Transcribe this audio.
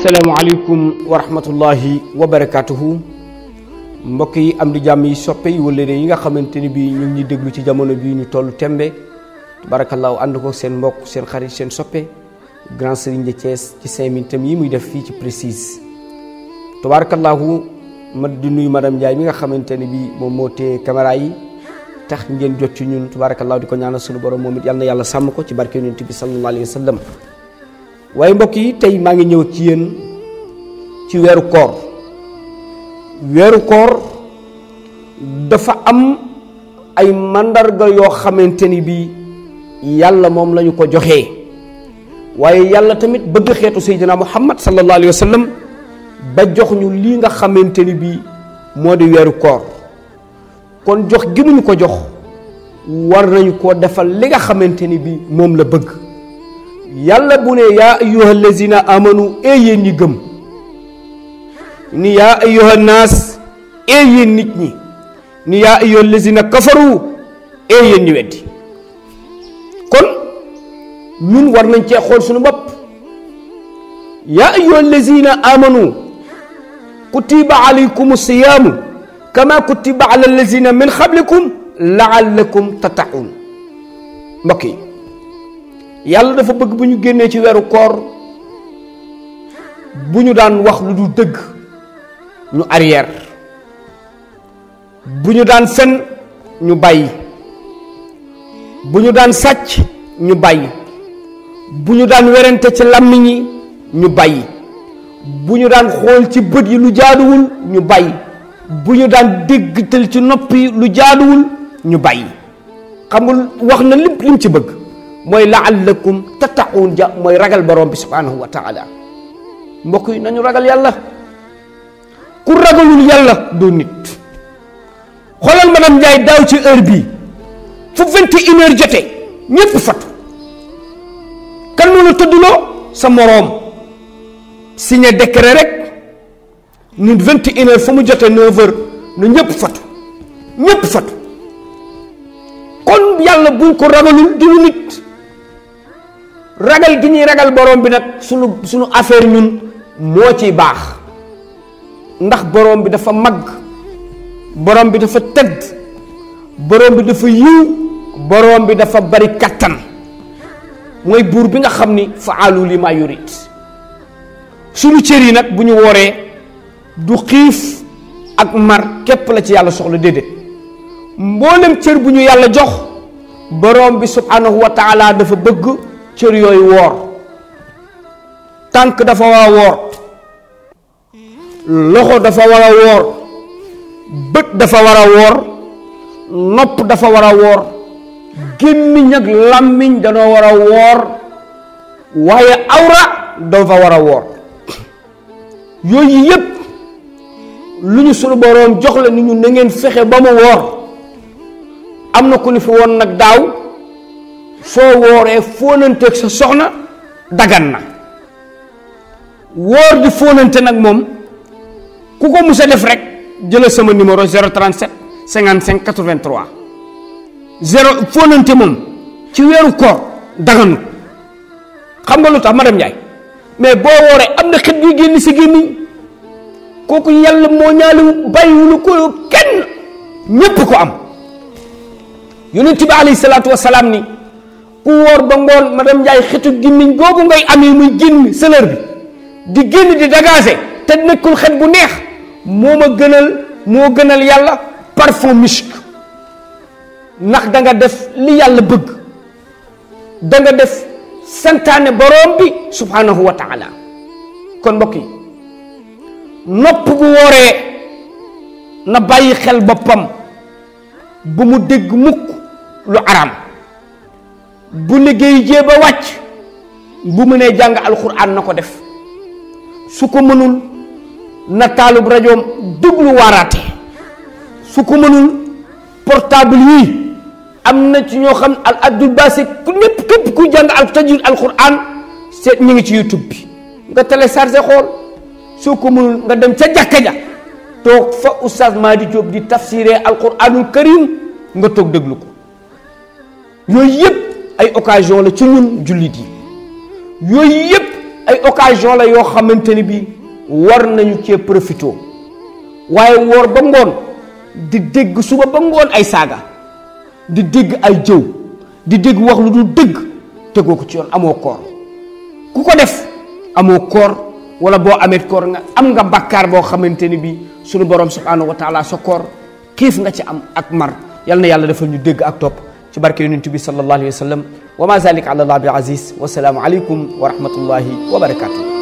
asalaamualeykum wa rahmatullahi wa barakaatuhu mbokk yi am di jàmm yi soppe yi wala yi nga xamante ni bii ñu ngi déglu ci jamono bii ñu toll tembe barakallaahu ànd ko seen mbokk seen xarit seen soppe grand serigne de ci cinq minutes yi muy def fii ci précise tabarakallahu ma di nuyu madame Ndiaye mi nga xamante ne bii moom moo te caméra yi tax ngeen jot ci ñun tabarakallahu di ko ñaanal sunu borom moom it yal na yàlla sàmm ko ci barke yonent bi sallallahu waaye mbokk yi tey maa ngi ñëw ci yéen ci weeru koor weeru koor dafa am ay màndarga yoo xamante ni bii yàlla moom lañu ko joxee waaye yàlla tamit bëgg xeetu seydina muhammad sallallahu alayhi wa sallam ba jox ñu lii nga xamante ni bii moo di weeru koor kon jox gi mu ñu ko jox war nañu ko defal li nga xamante ni bi moom la bëgg yàlla bu ne yaa ayyuha allazina amanu ee yéen ñi gëm ni yaa ayyuha naas ee yéen nit ñi ni yaa ayyuha allazina kafaru ee yéen ñi weddi kon ñun war nañ cee xool suñu bopp yaa ayyuha allazina amanu kutiba alaykum siyaamu kama kutiba ala allazina min xablikum laallakum tattaquun mbokk yi yàlla dafa bëgg bu ñu génnee ci weeru koor bu ñu daan wax lu du dëgg ñu arrière bu ñu daan senn ñu bàyyi bu ñu daan sàcc ñu bàyyi bu ñu daan werante ci làmmiñ yi ñu bàyyi bu ñu daan xool ci bët yi lu jaaduwul ñu bàyyi bu ñu daan dégg ci noppi lu jaaduwul ñu bàyyi xam nga wax na lépp lim ci bëgg mooy laallakum tattaquun ja mooy ragal borom bi subhaanahu wa taala mbokk yi nañu ragal yàlla ku ragalul yàlla doo nit xoolal madame Ndiaye daaw ci heure bii fu vingt et une heure jotee ñëpp fatu kan moo la tëdduloo sa moroom signé décret rek ni vingt et une heure fu mu jotee neuf heures ñëpp fatu ñëpp fatu kon yàlla buñ ko ragalul di nit ragal gi ñuy ragal borom bi nak sunu sunu affaire ñun mo ci bax ndax borom bi dafa mag borom bi dafa tedd borom bi dafa yiw borom bi dafa bari katan moy bur bi nga xamni faalu lima yurid suñu sunu nak buñu woré du xif ak mar kep la ci yalla soxla dede mbolam cër buñu yalla jox borom bi subhanahu wa taala dafa bëgg cër yooyu woor tànk dafa war woor loxo dafa war woor bët dafa war a woor nopp dafa war a woor gémmiñ ak làmmiñ danoo war a woor waaye awra dafa war a woor yooyu yépp lu ñu sunu boroom jox la ni ñu na ngeen fexe ba mu woor am na ku ni fi woon nag daaw soo wooree fóonanteeg sa soxna dagan na woor di fóonante nag moom ku ko mus a def rek jëlal sama numéro 037 55 83 zéro fóonante moom ci weeru koor daganu xam nga lu tax madame Ndiaye mais boo wooree am na xet yu génn si gémmiñ kooku yàlla moo ñaali bàyyiwulu ko kenn ñépp ko am yonent bi alayhi salaatu wasalaam ni ku wor ba ngoon madam jay xetu gimmiñ gogu ngay amé muy génn sëlër bi di genn di dagase te nekul xet bu neex moma gënal mo gënal yalla parfum misk nak da nga def li yalla bëgg da nga def santane borom bi subhanahu wa taala kon mbokk yi nopp bu woré na bayyi xel bopam bu mu dégg mukk lu aram bu liggéey jee ba wàcc bu mënee jàng alxuraan na ko def su ko mënul na taalub rajoom dublu waaraate su ko mënul portable yii am na ci ñoo xam al abdul basi ku lépp képp ku jàng al tajwid alxuraan seet ñu ngi ci youtube bi nga tele téléchargé xool soo ko mënul nga dem ca jàkka ja toog fa oustaz di Diop di tafsiré alxuraanul karim nga toog déglu ko yooyu yëpp ay occasion la ci ñun jullit yi yooyu yëpp ay occasion la yoo xamante ni bi war nañu cee profito waaye woor ba ngoon di dégg suba ba ngoon ay saaga di dégg ay jëw di dégg wax lu dul dëgg tegoo ko ci yoon amoo koor ku ko def amoo koor walla boo amee koor nga am nga bàkkaar boo xamante ni bi suñu borom subhanahu wa taala sa koor xiif nga ci am ak mar yal na yàlla defal ñu dégg ak topp تبارك ينتبي صلى الله عليه وسلم وما ذلك على الله عزيز والسلام عليكم ورحمة الله وبركاته